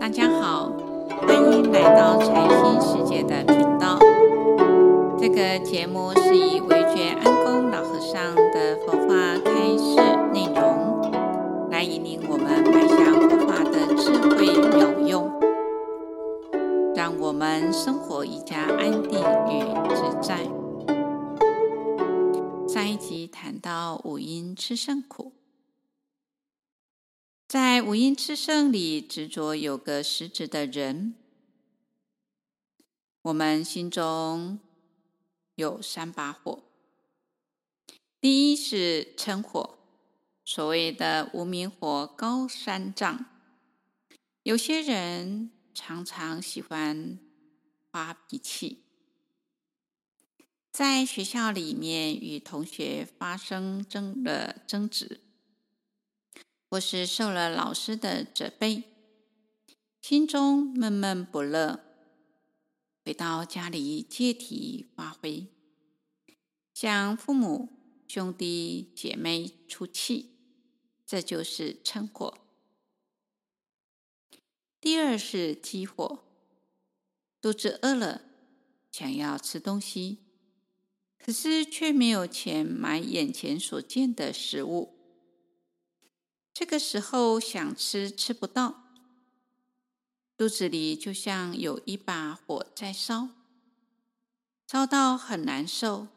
大家好，歡迎來到財新世界的頻道。這個節目是以惟覺安公老和尚的佛法開示內容，來引領我們邁向佛法的智慧有用，讓我們生活愈加安定與自在。上一集談到五陰熾盛苦。在五陰熾盛裡執着有個實質的人，我們心中有三把火。第一是嗔火，所謂的無明火高三丈。有些人常常喜歡發脾氣，在學校裡面與同學發生爭的爭執。或是受了老師的責備，心中悶悶不樂，回到家裡借題發揮，向父母、兄弟姐妹出氣，這就是瞋火。第二是飢火，肚子餓了，想要吃東西，可是卻沒有錢買眼前所見的食物。這個時候想吃吃不到，肚子裡就像有一把火在燒，燒到很難受，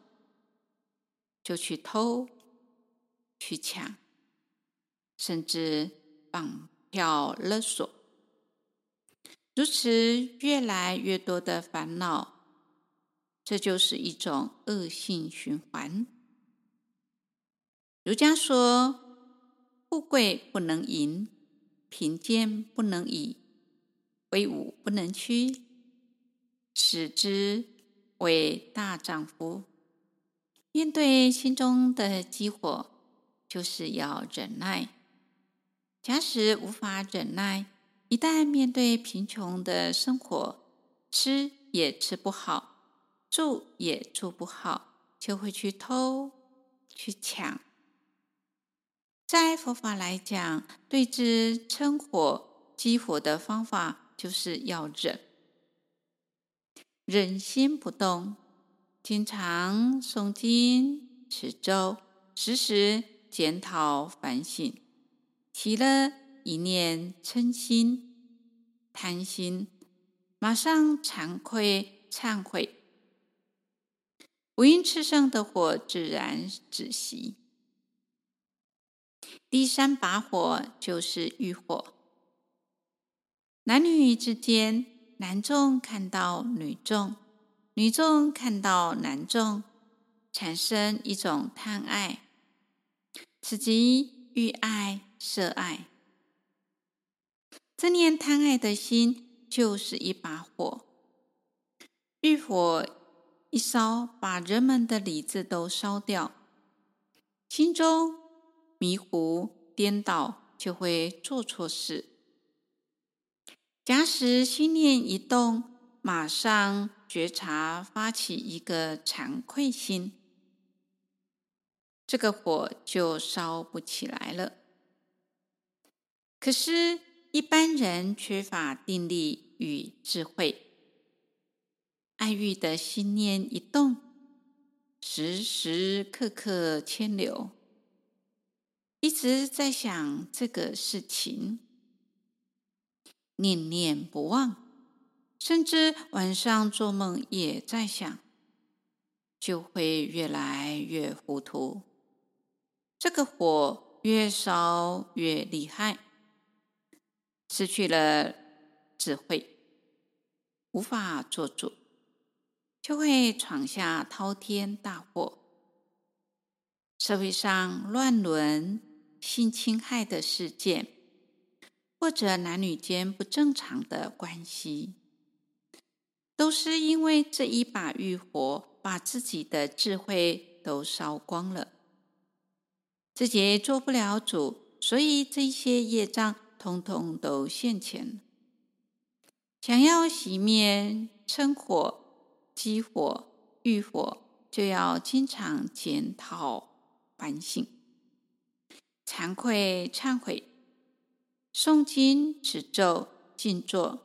就去偷、去搶，甚至綁票勒索，如此越來越多的煩惱，這就是一種惡性循環。儒家說，富貴不能淫，貧賤不能移，威武不能屈，此之謂大丈夫。面對心中的飢火，就是要忍耐。假使無法忍耐，一旦面對貧窮的生活，吃也吃不好，住也住不好，就會去偷，去搶。在佛法來講，對治嗔火、飢火的方法，就是要忍，忍心不動，經常誦經、持咒，時時檢討反省，提了一念嗔心、貪心，馬上慚愧懺悔，五陰熾盛的火自然止息。第三把火就是欲火，男女之間，男眾看到女眾，女眾看到男眾，產生一種貪愛，此即欲愛、色愛。這念貪愛的心就是一把火，欲火一燒，把人們的理智都燒掉，心中，迷糊顛倒，就會做錯事。假使心念一動，馬上覺察，發起一個慚愧心，這個火就燒不起來了。可是，一般人缺乏定力與智慧，愛欲的心念一動，時時刻刻遷流。一直在想這個事情，念念不忘，甚至晚上做夢也在想，就會越來越糊塗。這個火越燒越厲害，失去了智慧，無法做主，就會闖下滔天大禍。社會上亂倫、性侵害的事件，或者男女間不正常的關係，都是因為這一把欲火，把自己的智慧都燒光了，自己也做不了主，所以這些業障通通都現前。想要熄滅嗔火、飢火、欲火，就要經常檢討反省。慚愧、懺悔、誦經、持咒、靜坐，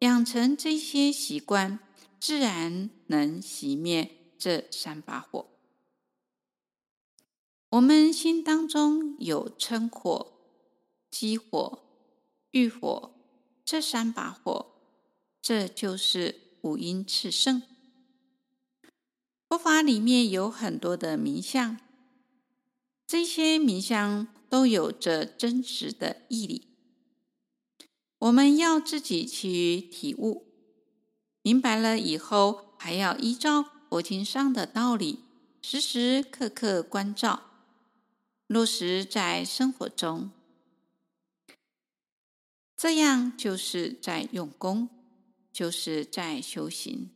養成這些習慣，自然能熄滅這三把火。我們心當中有嗔火、飢火、欲火這三把火，這就是五陰熾盛。佛法裡面有很多的名相。這些名相都有着真實的義理，我們要自己去體悟，明白了以後，還要依照佛經上的道理，時時刻刻觀照，落實在生活中，這樣就是在用功，就是在修行，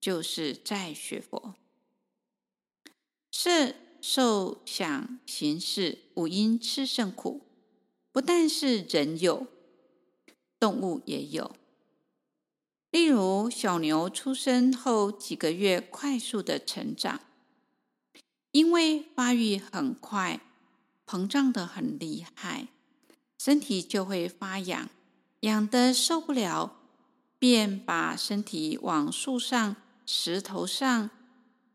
就是在學佛，是。受想行識五陰熾盛苦，不但是人有，動物也有。例如小牛出生後幾個月，快速的成長，因為發育很快，膨脹得很厲害，身體就會發癢，癢得受不了，便把身體往樹上、石頭上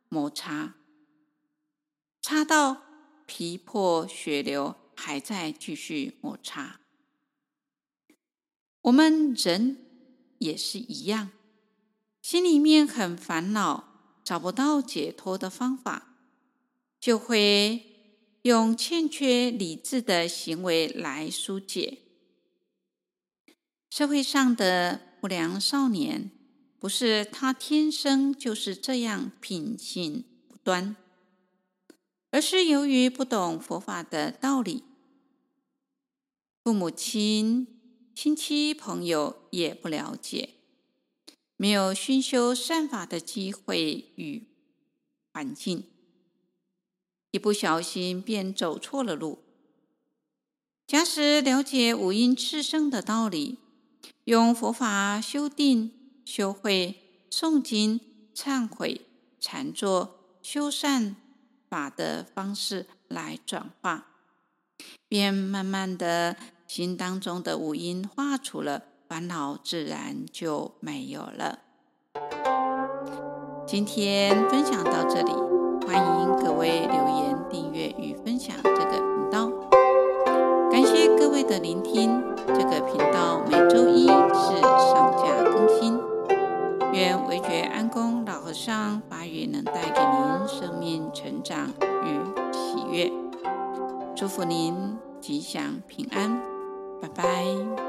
摩擦。擦到皮破血流，還在繼續摩擦。我們人也是一樣，心裡面很煩惱，找不到解脫的方法，就會用欠缺理智的行為來舒解。社會上的不良少年，不是他天生就是這樣品行不端。而是由於不懂佛法的道理，父母親、親戚、朋友也不了解，沒有熏修善法的機會與環境，一不小心便走錯了路。假使了解五陰熾盛的道理，用佛法修定、修慧、誦經、懺悔、禪坐、修善。法的方式來轉化，便慢慢的心當中的五陰化除了，煩惱自然就沒有了。今天分享到這裡，歡迎各位留言、訂閱與分享這個頻道。感謝各位的聆聽，這個頻道每周一是上架更上法語能帶給您生命成長與喜悅，祝福您吉祥平安，拜拜。